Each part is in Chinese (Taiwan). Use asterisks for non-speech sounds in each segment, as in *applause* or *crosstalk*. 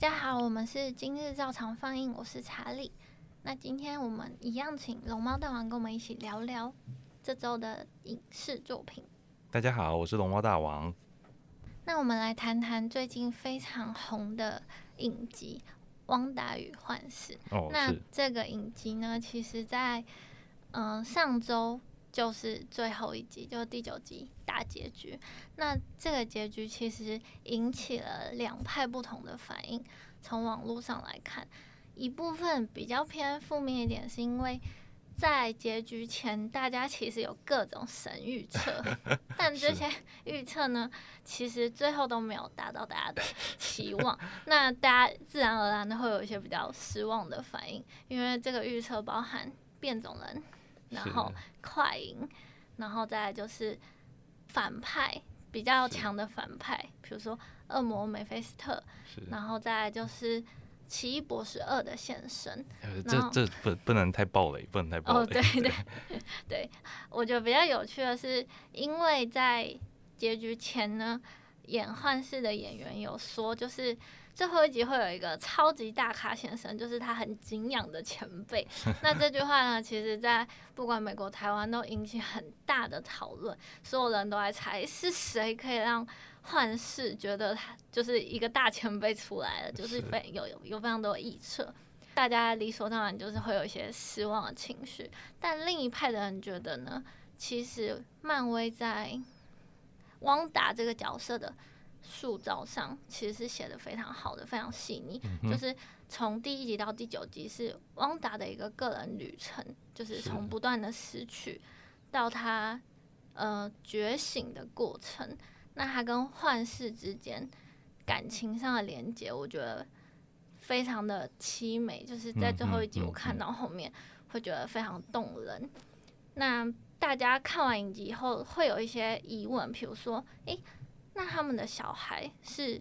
大家好，我們是今日照常放映，我是查理。那今天我們一樣請龍貓大王跟我們一起聊聊這週的影視作品。大家好，我是龍貓大王。那我們來談談最近非常紅的影集《汪達與幻視》。哦，是。那這個影集呢，其實在，在、呃、嗯上週。就是最後一集，就是第九集大結局。那這個結局其實引起了兩派不同的反應。從網絡上來看，一部分比較偏負面一點，是因為在結局前，大家其實有各種神預測， *laughs* 但這些預測呢，其實最後都沒有達到大家的期望。 *laughs* 那大家自然而然的會有一些比較失望的反應，因為這個預測包含變種人。然後快銀，然後再來就是反派比較強的反派，比如說惡魔梅菲斯特。然後再來就是奇異博士二的現身。這這,這不不能太暴雷不能太暴雷哦，對對 *laughs* 對。我覺得比較有趣的是，因為在結局前呢，演幻視的演員有說，就是。最後一集會有一個超級大咖現身，就是他很敬仰的前輩。 *laughs* 那這句話呢，其實在不管美國、台灣都引起很大的討論。所有人都在猜是誰可以讓幻視覺得他就是一個大前輩出來了，就是有有有非常多的臆測。大家理所當然就是會有一些失望的情緒，但另一派的人覺得呢，其實漫威在汪達這個角色的。塑造上其實是寫得非常好的，非常細膩、嗯。就是從第一集到第九集是汪達的一個個人旅程，就是從不斷的失去到他呃覺醒的過程。那他跟幻視之間感情上的連接，我覺得非常的淒美。就是在最後一集我看到後面會覺得非常動人。嗯哼嗯哼，那大家看完影集以後會有一些疑問，比如說，誒、欸……那他們的小孩是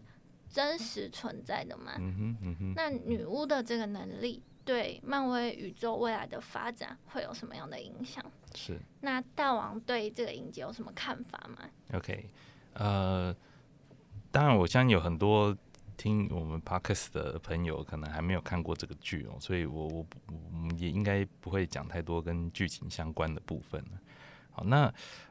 真實存在的嗎、嗯嗯？那女巫的這個能力對漫威宇宙未來的發展會有什麼樣的影響？是。那大王對這個影集有什麼看法嗎？OK，呃，當然，我相信有很多聽我們 Podcast 的朋友可能還沒有看過這個劇哦，所以我我，我也應該不會講太多跟劇情相關的部分好，那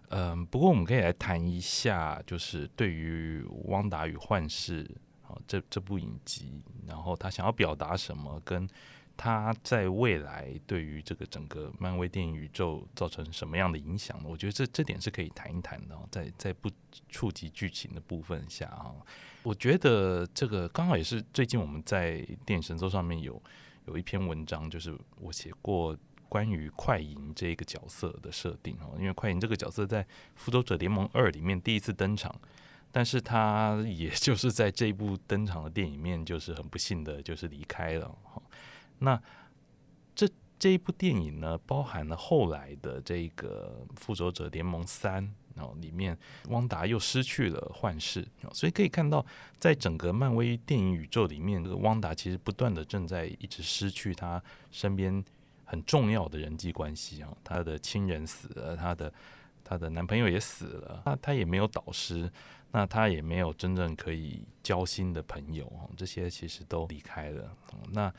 嗯、呃，不過我們可以來談一下，就是對於《汪達與幻視》啊、哦，這這部影集，然後他想要表達什麼，跟他在未來對於這個整個漫威電影宇宙造成什麼樣的影響？我覺得這這點是可以談一談的，哦、在在不觸及劇情的部分下啊、哦，我覺得這個剛好也是最近我們在電影神作上面有有一篇文章，就是我寫過。關於快銀這個角色的設定，因為快銀這個角色在《復仇者聯盟二》裡面第一次登場，但是他也就是在這一部登場的電影裡面，就是很不幸的，就是離開了。那這這一部電影呢，包含了後來的這個《復仇者聯盟三》，然後裡面汪達又失去了幻視，所以可以看到，在整個漫威電影宇宙裡面，這個汪達其實不斷的正在一直失去他身邊。很重要的人際關係啊，她的親人死了，她的她的男朋友也死了，那她也沒有導師，那她也沒有真正可以交心的朋友，這些其實都離開了。那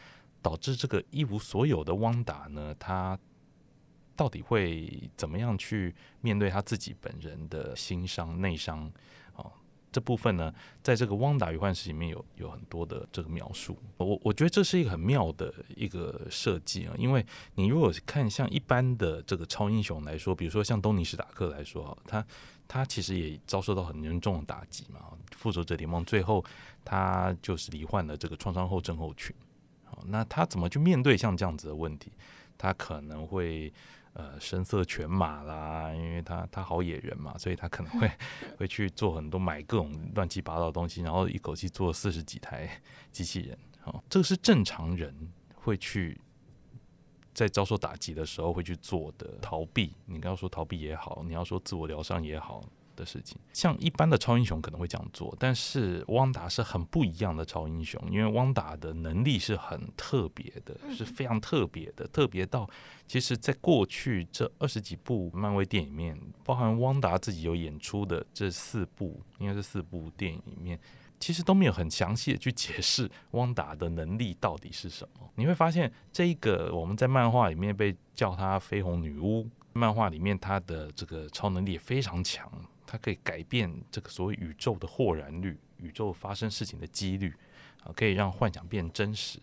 導致這個一無所有的汪達呢，他到底會怎麼樣去面對他自己本人的心傷、內傷？這部分呢，在這個《汪達與幻視》裡面有有很多的這個描述。我我覺得這是一個很妙的一個設計啊，因為你如果看像一般的這個超英雄來說，比如說像東尼史塔克來說，啊，他他其實也遭受到很嚴重的打擊嘛，復仇者聯盟最後他就是罹患了這個創傷後症候群。好，那他怎麼去面對像這樣子的問題？他可能會。呃，聲色犬馬啦，因為他他好野人嘛，所以他可能會會去做很多，買各種亂七八糟的東西，然後一口氣做四十幾台機器人。哦，這個是正常人會去在遭受打擊的時候會去做的逃避，你剛剛說逃避也好，你要說自我療傷也好。的事情，像一般的超英雄可能會這樣做，但是汪達是很不一樣的超英雄，因為汪達的能力是很特別的，是非常特別的，特別到其實，在過去這二十幾部漫威電影裡面，包含汪達自己有演出的這四部，應該是四部電影裡面，其實都沒有很詳細的去解釋汪達的能力到底是什麼？你會發現，這一個我們在漫畫裡面被叫他緋紅女巫，漫畫裡面他的這個超能力也非常強。它可以改變這個所謂宇宙的或然率，宇宙發生事情的幾率，啊、呃，可以讓幻想變真實，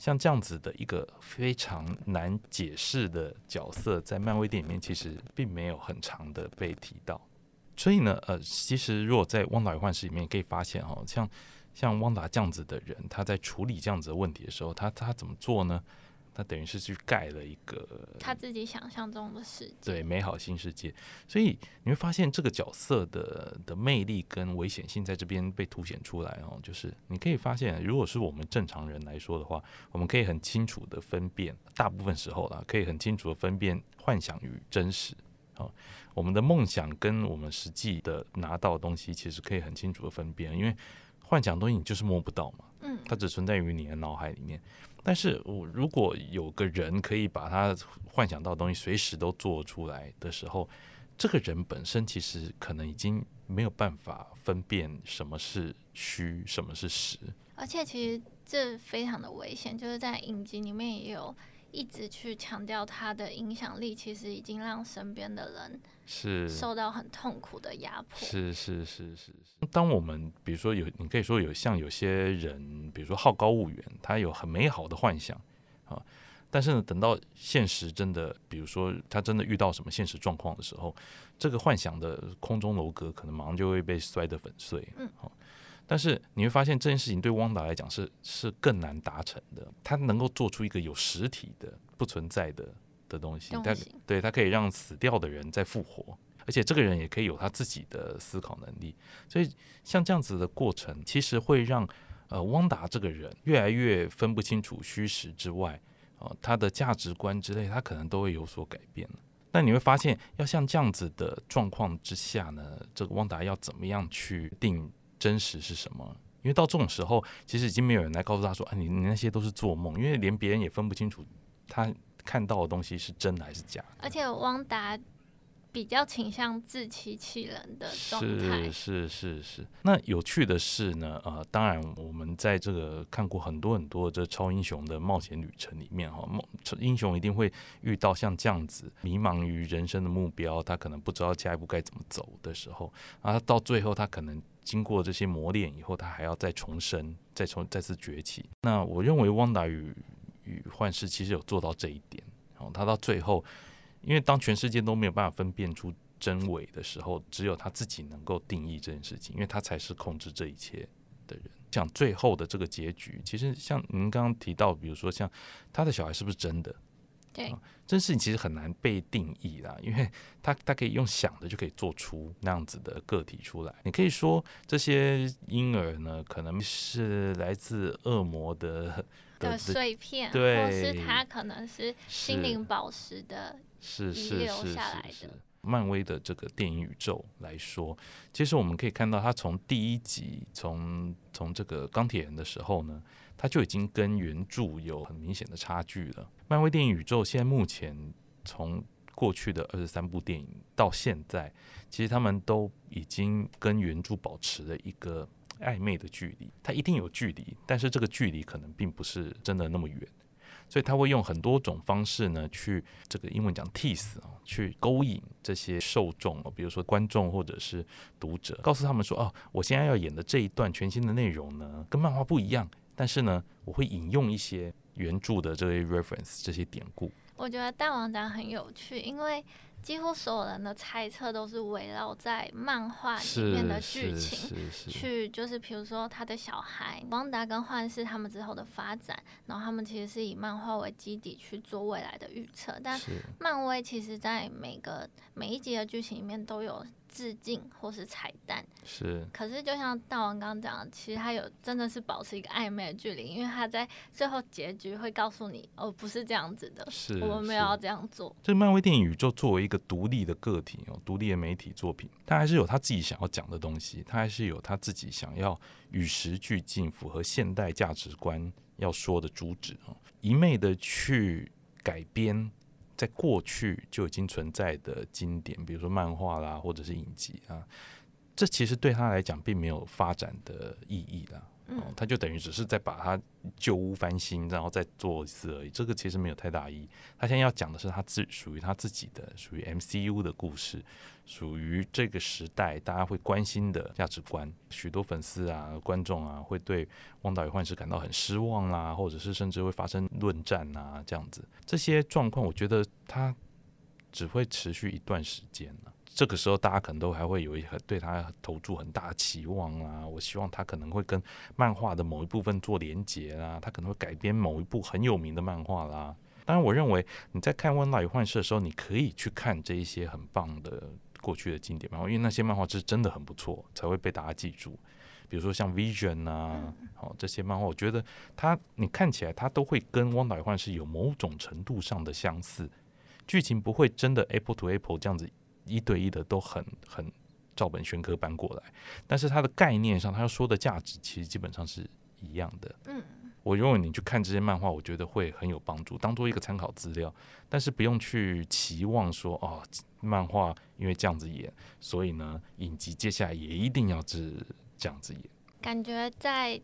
像這樣子的一個非常難解釋的角色，在漫威電影裡面其實並沒有很長的被提到。所以呢，呃，其實如果在《汪達與幻視》裡面可以發現，哈、哦，像像汪達這樣子的人，他在處理這樣子的問題的時候，他他怎麼做呢？那等於是去蓋了一個他自己想象中的世界，對美好新世界。所以你會發現這個角色的的魅力跟危險性在這邊被凸顯出來哦。就是你可以發現，如果是我們正常人來說的話，我們可以很清楚的分辨，大部分時候啦，可以很清楚的分辨幻想與真實。好，我們的夢想跟我們實際的拿到的東西，其實可以很清楚的分辨，因為幻想的東西你就是摸不到嘛，它只存在於你的腦海裡面。但是我如果有個人可以把他幻想到的東西隨時都做出來的時候，這個人本身其實可能已經沒有辦法分辨什麼是虛，什麼是實。而且其實這非常的危險，就是在影集裡面也有一直去強調他的影響力，其實已經讓身邊的人。是受到很痛苦的壓迫。是是是是，是當我們比如說有，你可以說有像有些人，比如說好高騖遠，他有很美好的幻想，哦，但是呢，等到現實真的，比如說他真的遇到什麼現實狀況的時候，這個幻想的空中樓閣可能馬上就會被摔得粉碎。嗯。哦，但是你會發現這件事情對汪達來講是是更難達成的，他能夠做出一個有實體的不存在的。的東西，東西他對他可以讓死掉的人再復活，而且這個人也可以有他自己的思考能力。所以像這樣子的過程，其實會讓呃，汪達這個人越來越分不清楚虛實之外，啊、呃，他的價值觀之類，他可能都會有所改變。但你會發現，要像這樣子的狀況之下呢，這個汪達要怎麼樣去定真實是什麼？因為到這種時候，其實已經沒有人來告訴他說啊、哎，你你那些都是做夢，因為連別人也分不清楚他。看到的東西是真的還是假的？而且汪達比較傾向自欺欺人的狀態，是是是。那有趣的是呢，呃，當然我們在這個看過很多很多的這超英雄的冒險旅程裡面，哈，英雄一定會遇到像這樣子迷茫於人生的目標，他可能不知道下一步該怎麼走的時候，啊，他到最後他可能經過這些磨練以後，他還要再重生，再重再次崛起。那我認為汪達與與幻視其實有做到這一點，然後、哦、他到最後，因為當全世界都沒有辦法分辨出真偽的時候，只有他自己能夠定義這件事情，因為他才是控制這一切的人。講最後的這個結局，其實像您剛剛提到，比如說像他的小孩是不是真的？對，嗯、真事情其實很難被定義啦，因為他他可以用想的就可以做出那樣子的個體出來。你可以說這些嬰兒呢，可能是來自惡魔的。的碎片，對，或是它可能是心靈寶石的遺留下來的。是是，漫威的這個電影宇宙來說，其實我們可以看到，它從第一集，從從這個鋼鐵人的時候呢，它就已經跟原著有很明顯的差距了。漫威電影宇宙現在目前，從過去的二十三部電影到現在，其實他們都已經跟原著保持了一個。曖昧的距離，它一定有距離，但是這個距離可能並不是真的那麼遠，所以他會用很多種方式呢，去這個英文講 tease 啊，去勾引這些受眾，比如說觀眾或者是讀者，告訴他們說，哦，我現在要演的這一段全新的內容呢，跟漫畫不一樣，但是呢，我會引用一些原著的這些 reference，這些典故。我覺得大王講很有趣，因為。幾乎所有人的猜測都是圍繞在漫畫裡面的劇情去，是是是是就是比如說他的小孩汪達跟幻視他們之後的發展，然後他們其實是以漫畫為基底去做未來的預測。但漫威其實在每個每一集的劇情裡面都有。致敬或是彩蛋是，可是就像大王剛剛講的，其實他有真的是保持一個曖昧的距離，因為他在最後結局會告訴你哦，不是這樣子的，是我們沒有要這樣做。這漫威電影宇宙作為一個獨立的個體哦，獨立的媒體作品，它還是有他自己想要講的東西，它還是有他自己想要與時俱進、符合現代價值觀要說的主旨哦，一昧的去改編在過去就已經存在的經典，比如說漫畫啦，或者是影集啊，這其實對他來講並沒有發展的意義啦。哦、他就等於只是在把他舊屋翻新，然後再做一次而已。這個其實沒有太大意義。他現在要講的是他自屬於他自己的，屬於 MCU 的故事，屬於這個時代大家會關心的價值觀。許多粉絲啊、觀眾啊，會對《汪達與幻視》感到很失望啦、啊，或者是甚至會發生論戰啊，這樣子。這些狀況，我覺得他只會持續一段時間、啊這個時候，大家可能都還會有一很對他投注很大的期望啦、啊。我希望他可能會跟漫畫的某一部分做連接啦、啊，他可能會改編某一部很有名的漫畫啦。當然，我認為你在看《汪達與幻視》的時候，你可以去看這一些很棒的過去的經典漫畫，因為那些漫畫是真的很不錯，才會被大家記住。比如說像 Vision 啊，好、哦、這些漫畫，我覺得它你看起來它都會跟《汪達與幻視》有某種程度上的相似，劇情不會真的 Apple to Apple 這樣子。一對一的都很很照本宣科搬過來，但是它的概念上，他要說的價值其實基本上是一樣的。嗯，我認為你去看這些漫畫，我覺得會很有幫助，當做一個參考資料，但是不用去期望說哦，漫畫因為這樣子演，所以呢，影集接下來也一定要是這樣子演。感覺在。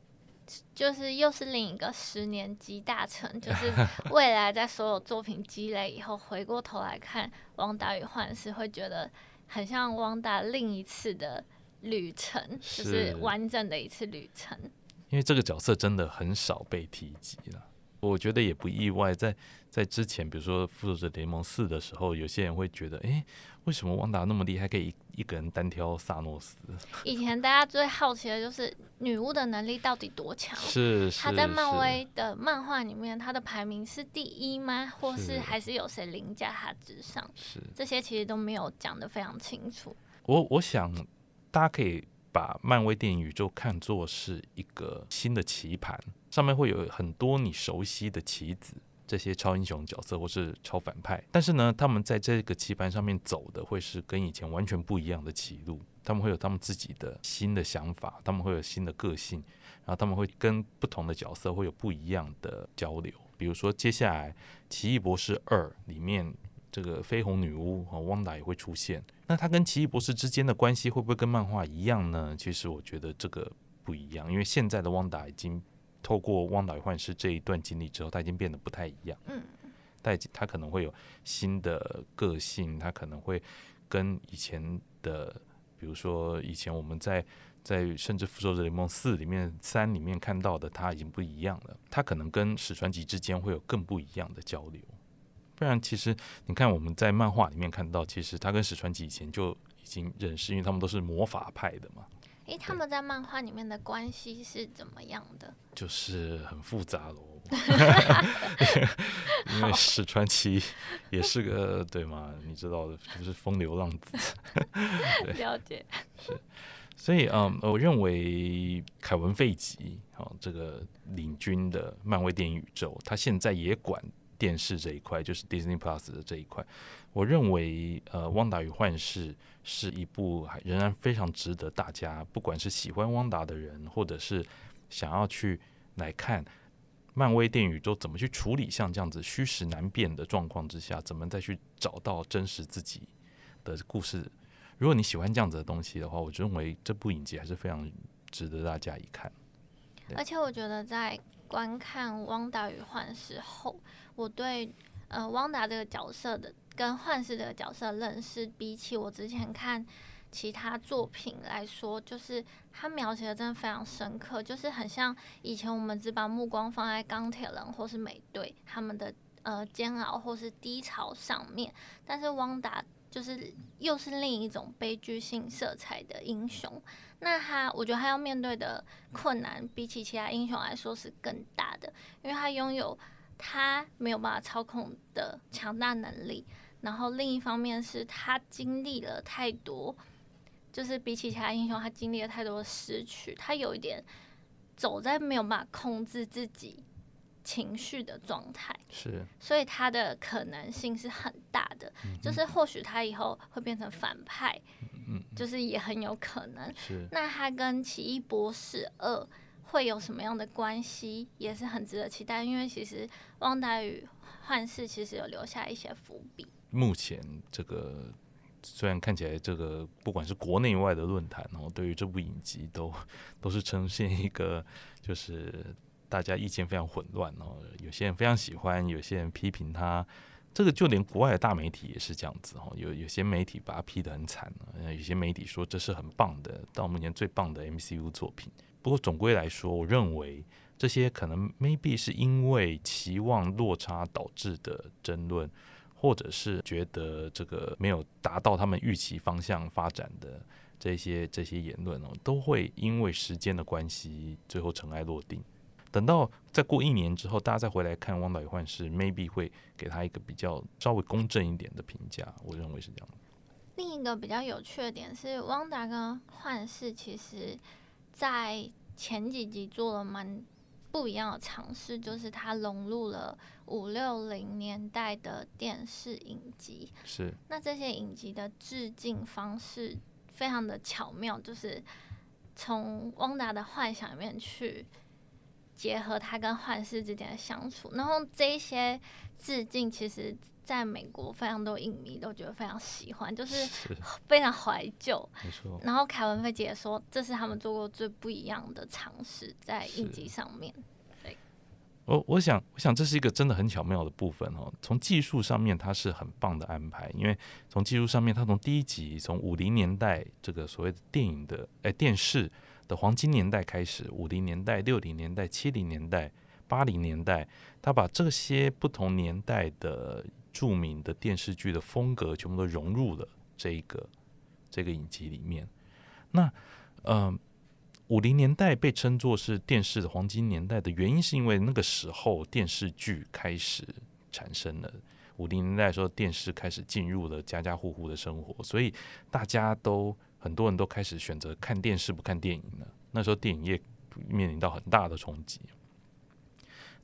就是又是另一個十年集大成，就是未來在所有作品積累以後，回過頭來看《汪達與幻視》，會覺得很像汪達另一次的旅程，就是完整的一次旅程。因為這個角色真的很少被提及了。我覺得也不意外，在在之前，比如說《復仇者聯盟四》的時候，有些人會覺得，哎、欸，為什麼汪達那麼厲害，可以一個人單挑薩諾斯？以前大家最好奇的就是女巫的能力到底多強？是，是，是她在漫威的漫畫裡面，她的排名是第一嗎？或是還是有誰凌駕她之上？是，是這些其實都沒有講得非常清楚。我我想大家可以。把漫威電影宇宙看作是一個新的棋盤，上面會有很多你熟悉的棋子，這些超英雄角色或是超反派，但是呢，他們在這個棋盤上面走的會是跟以前完全不一樣的棋路，他們會有他們自己的新的想法，他們會有新的個性，然後他們會跟不同的角色會有不一樣的交流，比如說接下來《奇異博士二》裡面。這個緋紅女巫和汪達也會出現，那她跟奇異博士之間的關係會不會跟漫畫一樣呢？其實我覺得這個不一樣，因為現在的汪達已經透過汪達與幻視這一段經歷之後，他已經變得不太一樣。嗯嗯，他他可能會有新的個性，他可能會跟以前的，比如說以前我們在在甚至復仇者聯盟四裡面，三裡面看到的他已經不一樣了。他可能跟史傳奇之間會有更不一樣的交流。然，其實，你看我們在漫畫裡面看到，其實他跟史傳奇以前就已經認識，因為他們都是魔法派的嘛。哎、欸，他們在漫畫裡面的關係是怎麼樣的？就是很複雜嘍。 *laughs* *laughs* 因為史傳奇也是個對嘛？你知道的，就是風流浪子 *laughs* 對。了解。是。所以，嗯，我認為凱文·費吉啊，這個領軍的漫威電影宇宙，他現在也管。電視這一塊就是 Disney Plus 的這一塊，我認為，呃，《汪達與幻視》是一部仍然非常值得大家，不管是喜歡汪達的人，或者是想要去來看漫威電影宇宙怎麼去處理像這樣子虛實難辨的狀況之下，怎麼再去找到真實自己的故事。如果你喜歡這樣子的東西的話，我認為這部影集還是非常值得大家一看。而且，我覺得在觀看《汪達與幻視》後，我對呃汪達這個角色的跟幻視這個角色認識，比起我之前看其他作品來說，就是他描寫的真的非常深刻，就是很像以前我們只把目光放在鋼鐵人或是美隊他們的呃煎熬或是低潮上面，但是汪達就是又是另一種悲劇性色彩的英雄。那他我覺得他要面對的困難，比起其他英雄來說是更大的，因為他擁有。他沒有辦法操控的強大能力，然後另一方面是他經歷了太多，就是比起其他英雄，他經歷了太多的失去，他有一點走在沒有辦法控制自己情緒的狀態，是，所以他的可能性是很大的，嗯、就是或許他以後會變成反派，嗯，就是也很有可能，是，那他跟奇異博士二。會有什麼樣的關係，也是很值得期待。因為其實《汪達與幻視》其實有留下一些伏筆。目前這個雖然看起來這個不管是國內外的論壇哦，對於這部影集都都是呈現一個就是大家意見非常混亂哦。有些人非常喜歡，有些人批評他。這個就連國外的大媒體也是這樣子哦。有有些媒體把他批得很慘，有些媒體說這是很棒的，到目前最棒的 MCU 作品。不過總歸來說，我認為這些可能 maybe 是因為期望落差導致的爭論，或者是覺得這個沒有達到他們預期方向發展的這些這些言論哦，都會因為時間的關係最後塵埃落定。等到再過一年之後，大家再回來看汪達與幻視，maybe 會給他一個比較稍微公正一點的評價。我認為是這樣。另一個比較有趣的點是，汪達跟幻視其實。在前幾集做了蠻不一樣的嘗試，就是它融入了五六零年代的電視影集。是。那這些影集的致敬方式非常的巧妙，就是從汪達的幻想裡面去結合他跟幻視之間的相處，然後這些致敬其實。在美國，非常多影迷都覺得非常喜歡，就是非常懷舊。沒錯。然後凱文費吉說，這是他們做過最不一樣的嘗試在影集上面。對。我我想，我想這是一個真的很巧妙的部分哦。從技術上面，它是很棒的安排，因為從技術上面，它從第一集從五零年代這個所謂的電影的哎電視的黃金年代開始，五零年代、六零年代、七零年代、八零年代，它把這些不同年代的。著名的電視劇的風格全部都融入了這一個這個影集裡面。那，嗯，呃，五零年代被稱作是電視的黃金年代的原因，是因為那個時候電視劇開始產生了。五零年代的時候，電視開始進入了家家戶戶的生活，所以大家都很多人都開始選擇看電視不看電影了。那時候電影業面臨到很大的衝擊。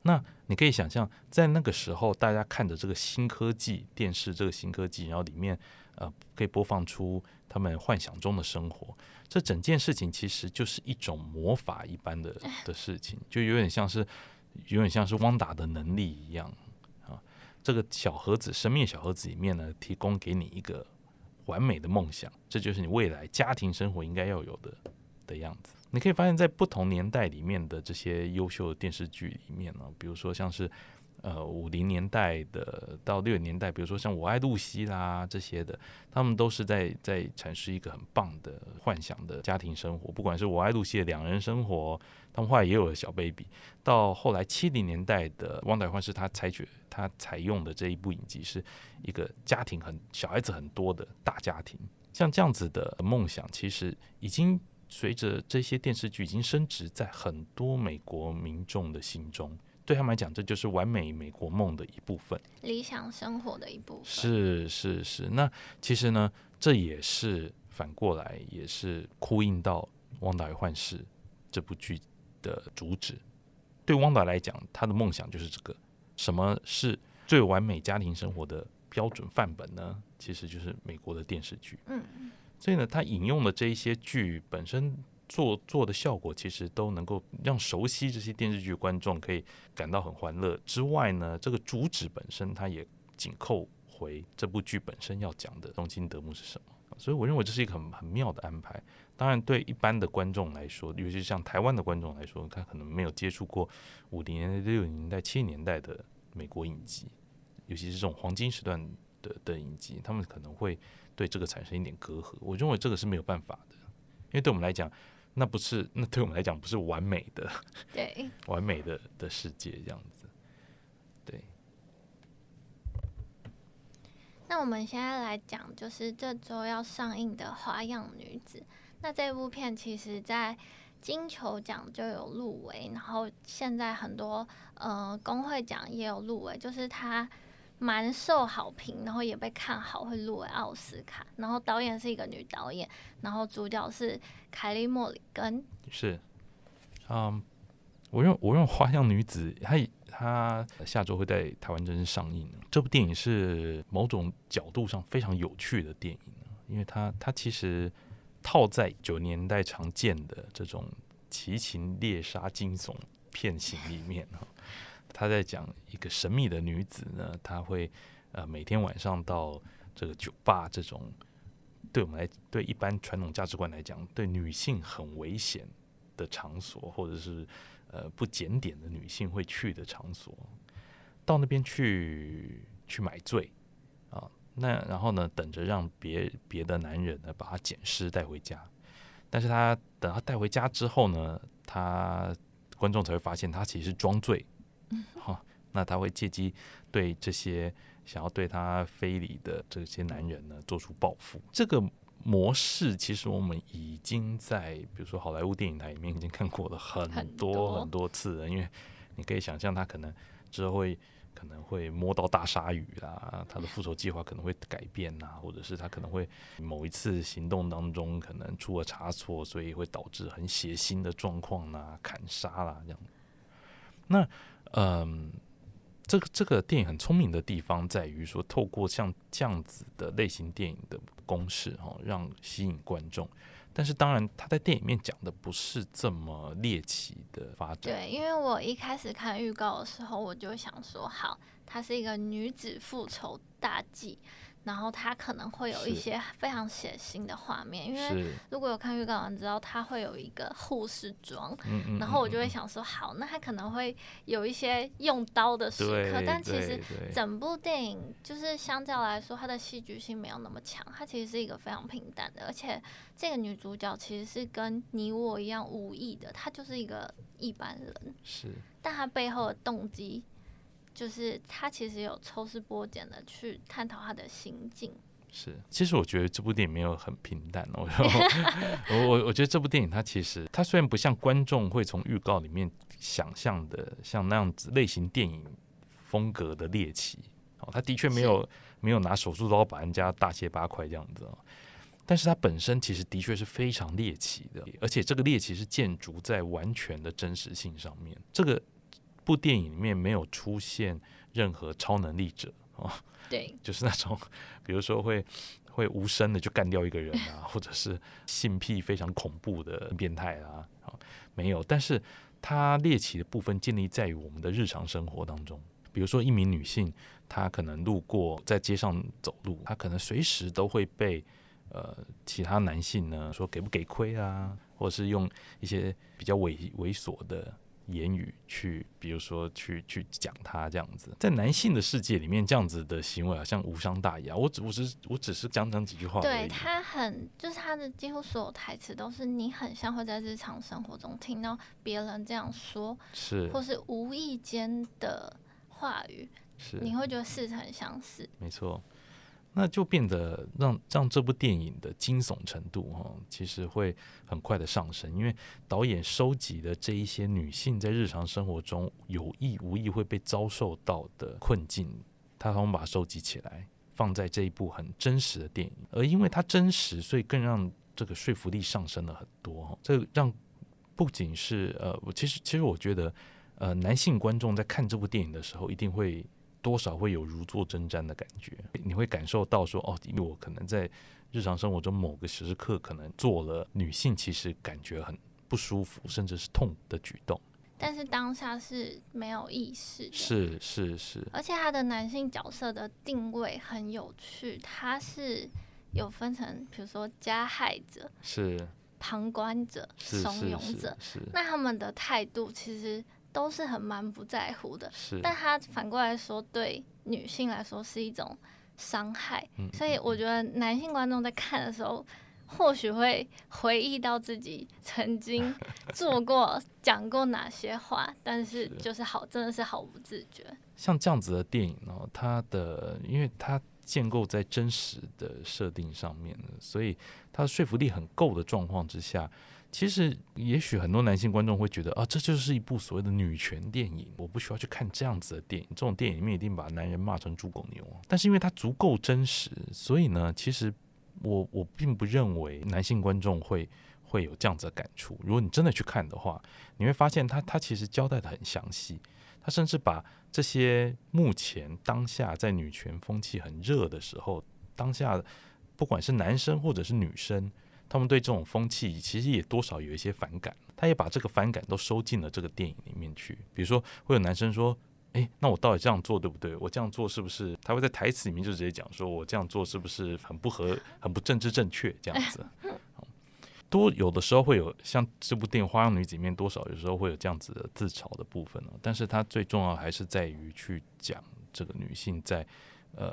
那你可以想象，在那個時候，大家看着這個新科技電視，這個新科技，然後裡面呃可以播放出他們幻想中的生活，這整件事情其實就是一種魔法一般的的事情，就有點像是有點像是汪達的能力一樣啊。這個小盒子，生命小盒子裡面呢，提供給你一個完美的夢想，這就是你未來家庭生活應該要有的的樣子。你可以發現，在不同年代裡面的這些優秀的電視劇裡面呢、哦，比如說像是，呃，五零年代的到六零年代，比如說像《我愛露西》啦這些的，他們都是在在闡釋一個很棒的幻想的家庭生活，不管是我愛露西的兩人生活，他們後來也有了小 baby。到後來七零年代的汪達幻視，他採取他採用的這一部影集，是一個家庭很小孩子很多的大家庭，像這樣子的夢想，其實已經。隨着這些電視劇已經深植，在很多美國民眾的心中，對他們來講，這就是完美美國夢的一部分，理想生活的一部分。是是是。那其實呢，這也是反過來，也是呼應到《汪達與幻視》這部劇的主旨。對汪達來講，他的夢想就是這個：什麼是最完美家庭生活的標準範本呢？其實就是美國的電視劇。嗯嗯。所以呢，他引用的這一些劇本身做做的效果，其實都能夠讓熟悉這些電視劇觀眾可以感到很歡樂。之外呢，這個主旨本身它也緊扣回這部劇本身要講的中心德目是什麼。所以我認為，這是一個很很妙的安排。當然，對一般的觀眾來說，尤其是像台灣的觀眾來說，他可能沒有接觸過五零年代、六零年代、七零年代的美國影集，尤其是這種黃金時段的的影集，他們可能會。對這個產生一點隔閡，我認為這個是沒有辦法的，因為對我們來講，那不是那對我們來講不是完美的，對完美的的世界這樣子，對。那我們現在來講，就是這週要上映的《花漾女子》，那這部片其實在金球獎就有入圍，然後現在很多呃工會獎也有入圍，就是它。蠻受好評，然後也被看好會入圍奧斯卡。然後導演是一個女導演，然後主角是凱莉莫里根。是，嗯，我用我用花漾女子，她她下周會在台灣正式上映。這部電影是某種角度上非常有趣的電影，因為它它其實套在九年代常見的這種奇情獵殺驚悚片型裡面 *laughs* 他在講一個神秘的女子呢，她會呃每天晚上到這個酒吧，這種對我們來對一般傳統價值觀來講，對女性很危險的場所，或者是呃不檢點的女性會去的場所，到那邊去去買醉啊，那然後呢，等着讓別別的男人呢把她撿屍帶回家，但是他等他帶回家之後呢，他觀眾才會發現他其實是裝醉。好、 *noise* 哦，那他會借機對這些想要對他非禮的這些男人呢做出報復。這個模式其實我們已經在，比如說好萊塢電影台裡面已經看過了很多很多次了。因為你可以想象，他可能之後會可能會摸到大鯊魚啊，他的復仇計劃可能會改變吶、啊，或者是他可能會某一次行動當中可能出了差錯，所以會導致很血腥的狀況吶、啊，砍殺啦、啊、這樣。那。嗯，這個這個電影很聰明的地方在於說，透過像這樣子的類型電影的公式，哈，讓吸引觀眾。但是當然，他在電影裡面講的不是這麼獵奇的發展。對，因為我一開始看預告的時候，我就想說，好，它是一個女子復仇大計。然後他可能會有一些非常血腥的畫面，因為如果有看預告，你知道他會有一個護士裝，然後我就會想說，好，那他可能會有一些用刀的時刻，但其實整部電影就是相較來說，他的戲劇性沒有那麼強，他其實是一個非常平淡的，而且這個女主角其實是跟你我一樣無意的，她就是一個一般人，是，但她背後的動機。就是他其實有抽絲剝繭的去探討他的心境。是，其實我覺得這部電影沒有很平淡哦。 *laughs* *laughs* 我我我覺得這部電影它其實它雖然不像觀眾會從預告裡面想象的像那樣子類型電影風格的獵奇哦，他的確沒有沒有拿手術刀把人家大卸八塊這樣子哦，但是它本身其實的確是非常獵奇的，而且這個獵奇是建築在完全的真實性上面。這個。部電影裡面沒有出現任何超能力者哦，對哦，就是那種，比如說會會無聲的就幹掉一個人啊， *laughs* 或者是性癖非常恐怖的變態啊，啊、哦、沒有，但是它獵奇的部分建立在於我們的日常生活當中，比如說一名女性，她可能路過在街上走路，她可能隨時都會被呃其他男性呢說給不給虧啊，或者是用一些比較猥猥瑣的。言語去，比如說去去講他這樣子，在男性的世界裡面，這樣子的行為好像無傷大雅啊。我只我只我只是講講幾句話。對，他很就是他的幾乎所有台詞都是你很像會在日常生活中聽到別人這樣說，是，或是無意間的話語，是，你會覺得很似曾相識。沒錯。那就變得讓讓這部電影的驚悚程度哈，其實會很快的上升，因為導演收集的這一些女性在日常生活中有意無意會被遭受到的困境，他從把它收集起來放在這一部很真實的電影，而因為它真實，所以更讓這個說服力上升了很多。這讓不僅是呃，其實其實我覺得呃，男性觀眾在看這部電影的時候一定會。多少會有如坐針氈的感覺，你會感受到說哦，我可能在日常生活中某個時刻，可能做了女性其實感覺很不舒服，甚至是痛的舉動，但是當下是沒有意識，是是是，而且他的男性角色的定位很有趣，他是有分成，比如說加害者是旁觀者慫恿者是是是是，那他們的態度其實。都是很蠻不在乎的，但他反過來說，對女性來說是一種傷害，嗯。所以我覺得男性觀眾在看的時候，或許會回憶到自己曾經做過、講 *laughs* 過哪些話，但是就是好，真的是毫不自覺。像這樣子的電影呢，它的因為它，建構在真實的設定上面，所以它的說服力很夠的狀況之下，其實也許很多男性觀眾會覺得啊，這就是一部所謂的女權電影，我不需要去看這樣子的電影，這種電影裡面一定把男人罵成豬狗牛。但是因為它足夠真實，所以呢，其實我我並不認為男性觀眾會會有這樣子的感觸。如果你真的去看的話，你會發現它它其實交代得很詳細。他甚至把這些目前當下在女權風氣很熱的時候，當下不管是男生或者是女生，他們對這種風氣其實也多少有一些反感。他也把這個反感都收進了這個電影裡面去。比如說，會有男生說：“誒、欸，那我到底這樣做對不對？我這樣做是不是？”他會在台詞裡面就直接講說：“我這樣做是不是很不合、很不政治正確？”這樣子。多有的時候會有像這部電影《花漾女子》裡面，多少有時候會有這樣子的自嘲的部分呢、啊。但是它最重要還是在於去講這個女性在呃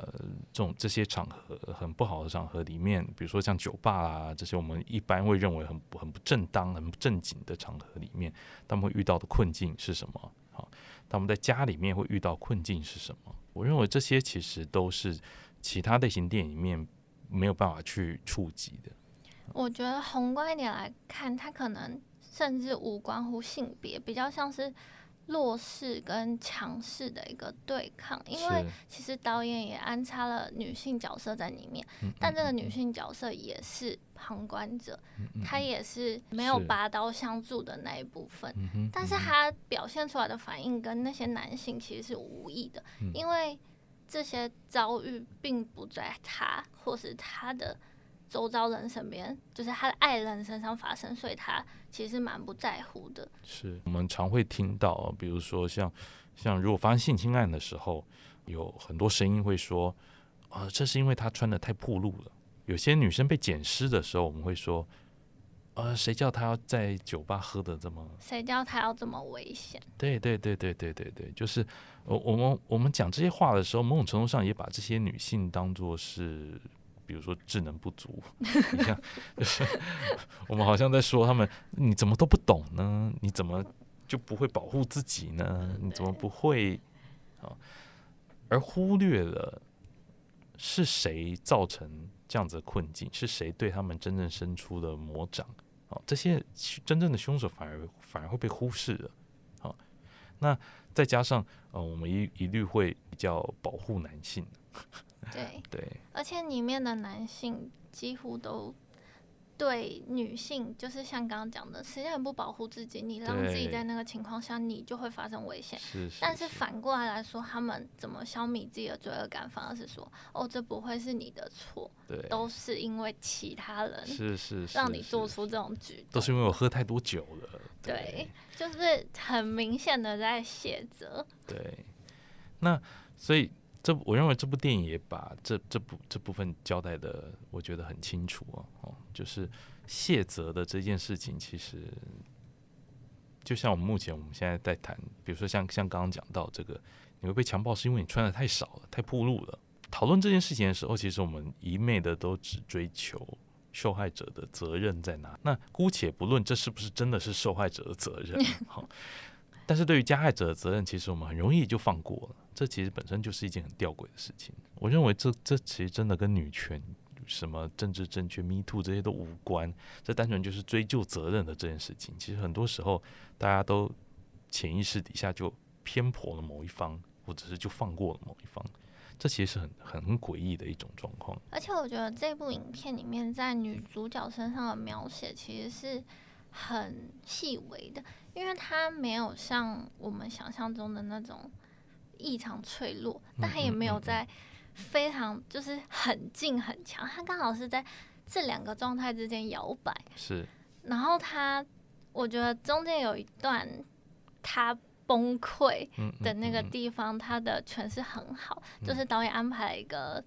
這種這些場合很不好的場合裡面，比如說像酒吧啊這些，我們一般會認為很不、很不正當、很不正經的場合裡面，她們會遇到的困境是什麼？好、啊，她們在家裡面會遇到困境是什麼？我認為這些其實都是其他類型電影裡面沒有辦法去觸及的。我覺得宏觀一點來看，他可能甚至無關乎性別，比較像是弱勢跟強勢的一個對抗。因為其實導演也安插了女性角色在裡面，但這個女性角色也是旁觀者，她、嗯嗯嗯、也是沒有拔刀相助的那一部分。是但是她表現出來的反應跟那些男性其實是無異的，因為這些遭遇並不在她或是她的。周遭人身邊，就是他的愛人身上發生，所以他其實蠻不在乎的。是我們常會聽到，比如說像像如果發生性侵案的時候，有很多聲音會說，呃，這是因為他穿得太暴露了。有些女生被撿屍的時候，我們會說，呃，誰叫她要在酒吧喝得這麼……誰叫她要這麼危險？對對對對對對對，就是我我們我們講這些話的時候，某種程度上也把這些女性當作是。比如說智能不足， *laughs* 你像、就是、我們好像在說他們，你怎麼都不懂呢？你怎麼就不會保護自己呢？你怎麼不會啊、哦？而忽略了是誰造成這樣子的困境？是誰對他們真正伸出了魔掌？哦，這些真正的凶手反而反而會被忽視了。哦、那再加上、呃、我們一一律會比較保護男性。對對，而且裡面的男性幾乎都對女性，就是像剛剛講的，實際上不保護自己，你讓自己在那個情況下，你就會發生危險。但是反過來來說，他們怎麼消滅自己的罪惡感，反而是說，哦，這不會是你的錯，對，都是因為其他人，是是，讓你做出這種舉動，是是是是，都是因為我喝太多酒了，對，對就是很明顯的在卸責，對，那所以這我認為這部電影也把這這部這部分交代的我覺得很清楚啊，哦，就是卸責的這件事情，其實就像我們目前我們現在在談，比如說像像剛剛講到這個，你會被強暴是因為你穿的太少了，太暴露了。討論這件事情的時候，其實我們一昧的都只追求受害者的責任在哪。那姑且不論這是不是真的是受害者的責任，好、哦， *laughs* 但是對於加害者的責任，其實我們很容易就放過了。這其實本身就是一件很吊詭的事情。我認為這這其實真的跟女權、什麼政治正確、Me Too 這些都無關。這單純就是追究責任的這件事情。其實很多時候，大家都潛意識底下就偏頗了某一方，或者是就放過了某一方。這其實是很很詭異的一種狀況。而且我覺得這部影片裡面在女主角身上的描寫，其實是很細微的，因為她沒有像我們想象中的那種。異常脆弱，但他也沒有在非常就是很近很強，他剛好是在這兩個狀態之間搖擺。是，然後他，我覺得中間有一段他崩潰的那個地方，他的詮釋很好，嗯嗯嗯，就是導演安排了一個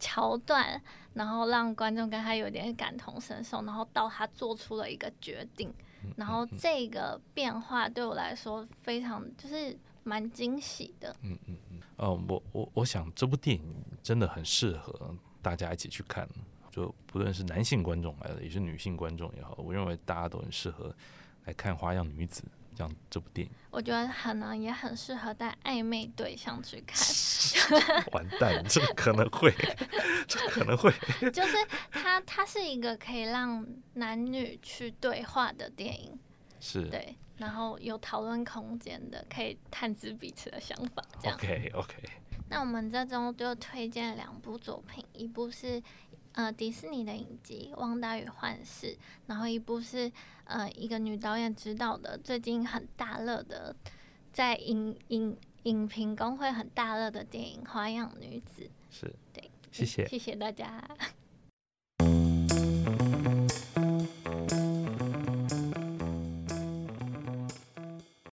橋段，然後讓觀眾跟他有點感同身受，然後到他做出了一個決定，然後這個變化對我來說非常就是。蠻驚喜的，嗯嗯嗯，哦、呃，我我我想這部電影真的很適合大家一起去看，就不論是男性觀眾來的，也是女性觀眾也好，我認為大家都很適合來看《花漾女子》這樣這部電影。我覺得可能也很適合帶曖昧對象去看， *laughs* 完蛋，這可能會，這可能會，就是它它是一個可以讓男女去對話的電影。.是，對，然後有討論空間的，可以探知彼此的想法。這樣，OK OK。那我們這週就推薦兩部作品，一部是呃迪士尼的影集《汪達與幻視》，然後一部是呃一個女導演指導的最近很大熱的在影影影評工會很大熱的電影《花漾女子》。是，對，謝謝，嗯、謝謝大家。